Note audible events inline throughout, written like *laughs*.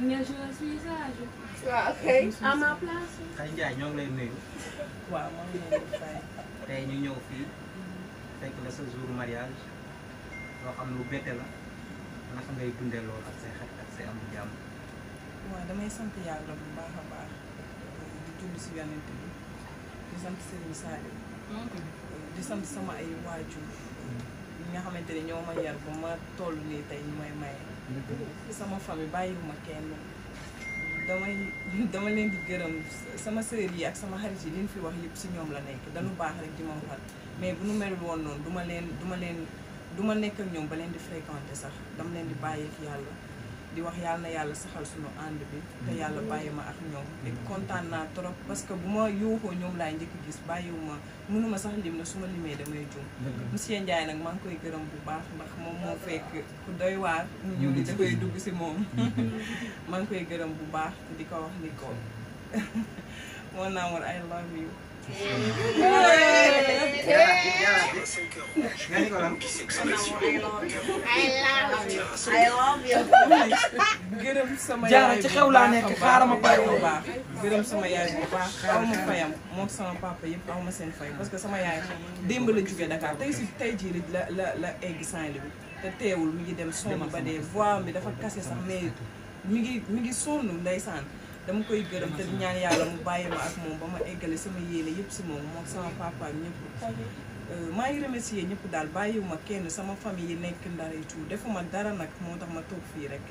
nag ngeen joué suñu visage. waaw ñoo ngi lay nuyu. waa maa ngi lay ñu ñëw fii fekk la sa jour mariage loo xam lu bette la naka ngay sant yàlla bu si yonent bi sama ay xamante ne ñoo ma yar ba ma toll nii tey ñu may maye. sama famille bàyyiwuma kenn damay dama leen di gërëm sama sœur yi ak sama xarit yi li ñu fi wax yëpp si ñoom la nekk dañu baax rek di ma waxal mais bu nu melul woon noonu du ma leen duma leen du ma nekk ñoom ba leen di fréquenter sax dama leen di bàyyi ak yàlla di wax yàlla na yàlla saxal sunu ànd bi te yàlla bàyyi ma ak ñoom te kontaan naa trop parce que bu ma yuuxoo ñoom laay njëkk gis ma mënuma sax lim na su ma limee damay juum monsieur Ndiaye nag man ngi koy gërëm bu baax ndax moom moo fekk ku doy waar mu ñëw ni dafay dugg si moom *laughs* man koy gërëm bu baax di ko wax ni ko *laughs* mon amour I love you 何かな gërëm sama jaara ci xew laa nekk xaaral ma bàyyi bu gërëm sama yaay bu baax aw ma fayam moom sama papa yëpp aw ma seen fay parce que sama yaay démb la jógee Dakar tey si tey jii la la la egg Saint-Louis te teewul mi ngi dem sonn ba dee voix mi dafa kase sax mais mi ngi mi ngi sonn ndeysaan dama koy gërëm te ñaan yàlla mu bàyyi ma ak moom ba ma eggale sama yéene yëpp si moom moom sama papa ñëpp euh, maa ngi remercier ñëpp daal bàyyiwuma kenn sama famille yi nekk ndar et tout defuma dara nag moo tax ma toog fii rek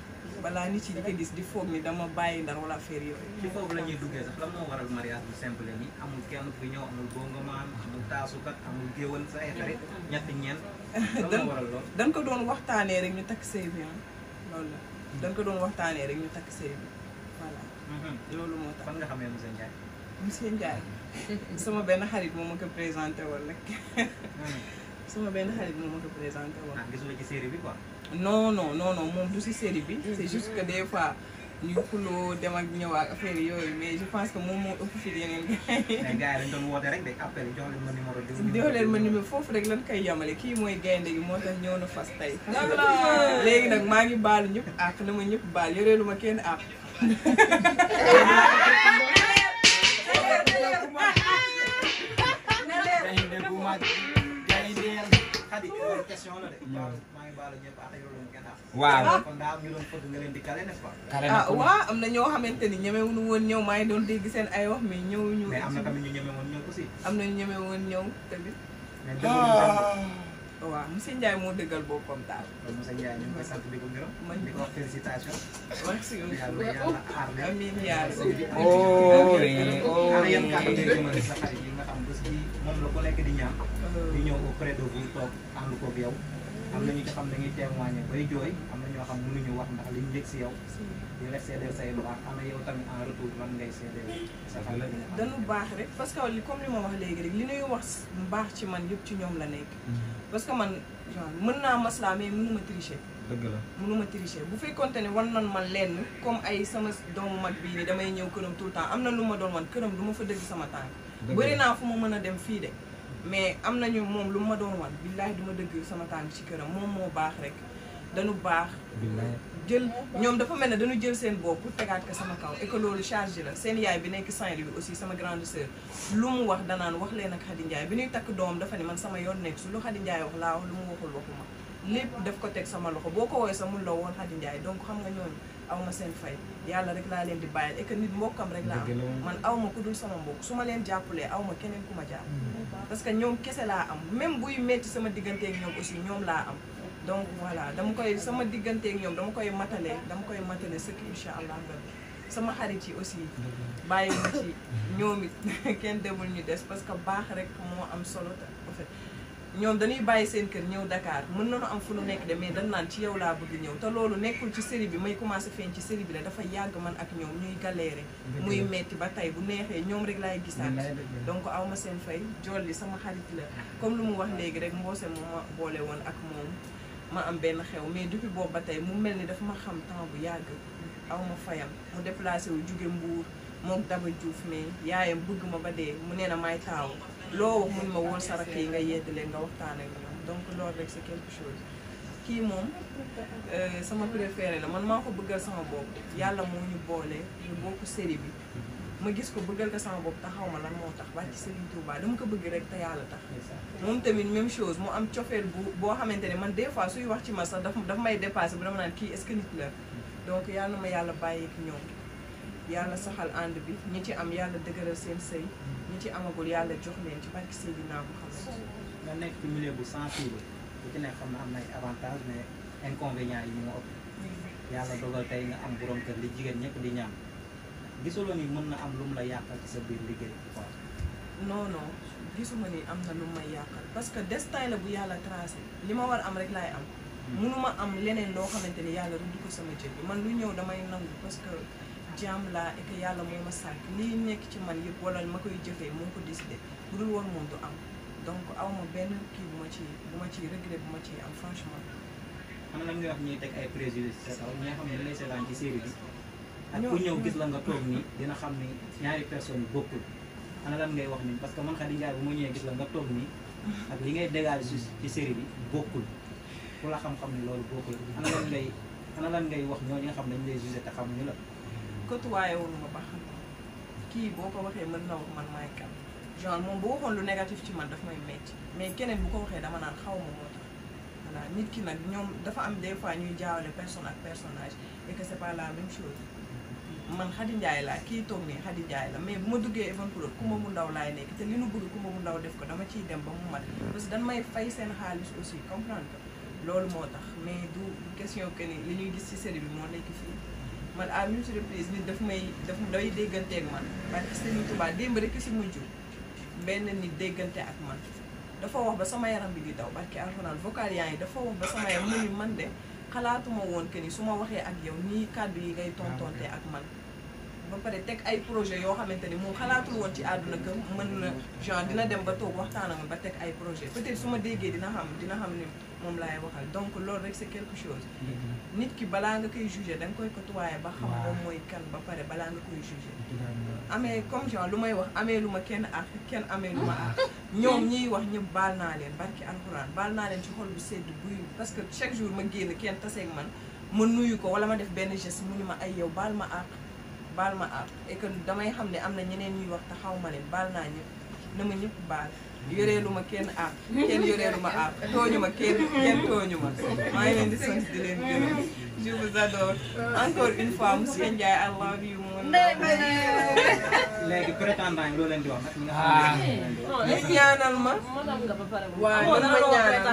balaa nit yi di ko gis di foog ni dama bàyyi ndar wala affaire yooyu. ci foofu la ñuy duggee sax lan moo waral mariage bu simple nii amul kenn ku ñëw amul bongamaan amul taasukat amul géwal sa ay xarit ñett ñeent. lan moo dañ ko doon waxtaanee rek ñu takk sëy bi ah dañ ko doon waxtaanee rek ñu takk sëy bi. Mhm. loolu moo tax fan nga xamee monsieur Ndiaye. monsieur Ndiaye *laughs* sama benn xarit moo ma ko présenté woon nag mhm. sama benn xarit moo ma ko présenté woon. ah bi quoi. non non non moom du si série bi. Mhm. c' est juste que des fois ñu xuloo dem ak ñëwaat affaire yooyu mais je pense que moom moo ëpp fi yeneen gars yi. mais gars yi dañu doon woote rek de ma numéro. foofu rek lan koy yamale kii mooy gaynde gi moo tax ñëw na fas tey. *laughs* léegi nag maa ngi baalu ñëpp àq na ma ñëpp baal yoreelu ma kenn àq. waaw kon daal ñu doon fëgg nga leen di kale n'est-ce pas. ah waaw am na ñoo xamante ni ñemewuñu woon ñëw maa ngi doon dégg seen ay wax mais ñëw ñu. mais am na tamit ñu ñeme woon ñëw am na ñu ñeme woon ñëw waaw monsieur Ndiaye moo dëggal boppam daal. kon monsieur Ndiaye sant di ko gërëm. man di ko wax félicitation. merci beaucoup yàlla aar leen. amiin yàlla ana yan kàddu bi moom la ko lekk di ñaan. ñu uh-huh. ñëw auprès de vous toog ànd koog yow. am na ñu ci xam dañuy témoigner bay jooy. yoo xam mënuñu wax ndax liñ yëg si yow. di say bu yow tamit en retour lan sa xel dañu baax rek parce que li comme li ma wax léegi rek li ñuy wax baax ci man yëpp ci ñoom la nekk. Mm-hmm. parce que man mën naa maslaa mais mënuma tricher. dëgg la mënuma tricher bu fekkonte ne wan nan ma lenn comme ay sama doomu mag bii ni damay ñëw këram tout le temps am na lu ma doon wan këram du ma fa dëgg sama tànk. bëri naa fu ma mën a dem fii de. mais am nañu moom lu ma doon wan billahi du ma dëgg sama tànk ci këram moom moo baax rek. dañu baax jël ñoom dafa mel ne dañu jël seen bopp tegaat ko sama kaw et que loolu charge la seen yaay bi nekk Saint-Louis aussi sama grandisseur sœur lu mu wax danaan wax leen ak Khady Ndiaye bi ñuy takk doom dafa ne man sama yoon nekk su lu Khady Ndiaye wax laa wax lu mu waxul waxuma lépp daf ko teg sama loxo boo ko woowee sa mun la woon Khady Ndiaye donc xam nga ñooñu aw ma seen fay yàlla rek laa leen di bàyyil et que nit mbokkam rek laa am man aw ma ku dul sama mbokk su ma leen jàppalee aw ma keneen ma jàpp mm. parce que ñoom kese laa am même buy metti sama digganteeg ñoom aussi ñoom laa am donc voilà dama koy sama digganteek ñoom dama koy matale dama koy matale sëkk incha allah rabbi sama xarit yi aussi bàyyi ma ngi ñoom it *laughs* kenn demul ñu des parce que baax rek moo am solo te en fait ñoom dañuy bàyyi seen kër ñëw Dakar mën nañu am fu nu nekk de mais dañ naan ci yow laa bëgg ñëw te loolu nekkul ci série bi may commencé feeñ ci série bi la dafa yàgg man ak ñoom ñuy galéré muy metti ba tey bu neexee ñoom rek laay gisaat donc aw ma seen fay jolli sama xarit la comme lu mu wax léegi rek mboose moom ma boole woon ak moom ma am benn xew mais depuis boobu ba tey mu mel ni dafa ma xam temps bu yàgg aw ma fayam mu déplacé wu jóge mbuur moom daba juuf mais yaayam bëgg ma ba dee mu nee na may taaw loo wax mun ma wool sarak yi nga yedd leen nga waxtaan ak donc loolu rek c'est quelque chose kii moom euh, sama préféré la man maa ko bëggal sama bopp yàlla moo ñu boole ñu bokk série bi ma gis ko bëggal ko sama boobu taxaw ma lan moo tax barki Serigne Touba dama ko bëgg rek te yàlla tax moom tamit même chose mu am cofeel bu boo xamante ne man des fois suy wax ci ma sax daf dafa may dépassé bu dama naan kii est donc yàlla ma yàlla bàyyi ak ñoom yàlla saxal ànd bi ñi ci am yàlla dëgëral seen sëy ñi ci amagul yàlla jox leen ci barki Seydina Muhammad nga nekk ci milieu bu sensible bu ci nekk xam na am na ay avantages mais inconvénients yi moo ëpp yàlla dogal tey nga am borom kër jigéen ñëpp di ñaan gisuloo ni mën na am lu mu la yàqal ci sa biir liggéey quoi. non non gisuma ni am na lu mu may yàqal parce que destin la bu yàlla tracé li ma war am rek laay am. Hmm. munu ma am leneen loo xamante ni yàlla rëdd ko sama cër bi man lu ñëw damay nangu parce que jaam laa et yàlla moo ma sànq lii nekk ci man yëpp wala ma koy jëfee moo ko décidé bu dul woon moom du am donc aw ma benn kii bu ma ci bu ma ciy regret bu ma ci am franchement. xam nga lan nga wax ñuy teg ay préjudice sa kaw ñi nga ak ku ñëw gis la nga toog nii dina xam ni ñaari personne bokkul ana lan ngay wax nii parce que man Khady Ndiaye bu ma ñëwee gis la nga toog nii ak li ngay dégager ci ci série bi bokkul ku la xam-xam ni loolu boo ana lan ngay lan ngay wax ñooñu nga xam dañu lay jugé te xamuñu la côtoyé wul ma ba xam kii boo ko waxee mën na wax man maay kan genre moom bu waxoon lu négatif ci man daf may metti mais keneen bu ko waxee dama naan xaw ma moo tax nit ki nag ñoom dafa am des fois ñuy jaawale personne ak personnage et que c'est man Khady Ndiaye laa kii toog nii Khady Ndiaye la mais bu ma duggee Evenprod Kumba mu ndaw laay nekk te li nu bëgg Kumba mu ndaw def ko dama ciy dem ba mu mat parce que dan may fay seen xaalis aussi comprendre que loolu moo tax mais du question que ni li ñuy gis ci série bi moo nekk fii man à multi reprise nit daf may daf day dégganteeg man parce que Serigne Touba démb rek si mujj benn nit déggante ak man dafa wax ba sama yaram bi di daw barki alxuraan vocal yaa ngi dafa wax ba sama yaram mu man de xalaatuma woon que yi su ma waxee ak yow nii kàddu yi ngay tontonte ah, ak man ba pare teg ay projet yoo xamante ni moom xalaatul woon ci àdduna que mën na genre dina dem ba toog waxtaan a ak ba teg ay projet peut su ma déggee dina xam dina xam ni moom laay waxal donc loolu rek c'est quelque chose nit ki balaa nga koy jugé da nga koy côtoyé ba xam moom mooy kan ba pare balaa nga koy jugé amee comme genre lu may wax amee lu ma kenn ak kenn amee lu ma ak *laughs* ñoom ñiy wax ñëpp baal naa leen barki alxuraan baal naa leen ci xol bu sedd buy parce que chaque jour ma génn kenn taseeg man ma nuyu ko wala ma def benn geste mu ma ay yow baal ma ak baal ma àpp et que damay xam ne am na ñeneen ñuy wax taxaw ma leen baal naa ñëpp na ma ñëpp baal yoreelu ma kenn àpp kenn yoreelu ma àpp tooñu ma kenn kenn tooñu ma maa ngi leen di sant di leen gërëm je vous adore encore une fois monsieur Ndiaye I love ma mon léegi prétendant yi loo leen di wax nag. waaw ñu ah. ñaanal ma. waaw nan ma ñaanal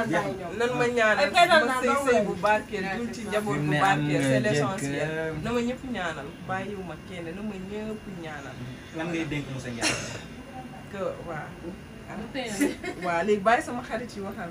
nan ma ñaanal ma sëy sëy bu barkeel duñ ci njaboot bu barkeel c'est l'essentiel na ma ñëpp ñaanal bàyyiwuma kenn na ma ñëpp ñaanal. lan ngay dénk mu sa ñaan. que waaw. waaw léegi bàyyi sama xarit yi waxal.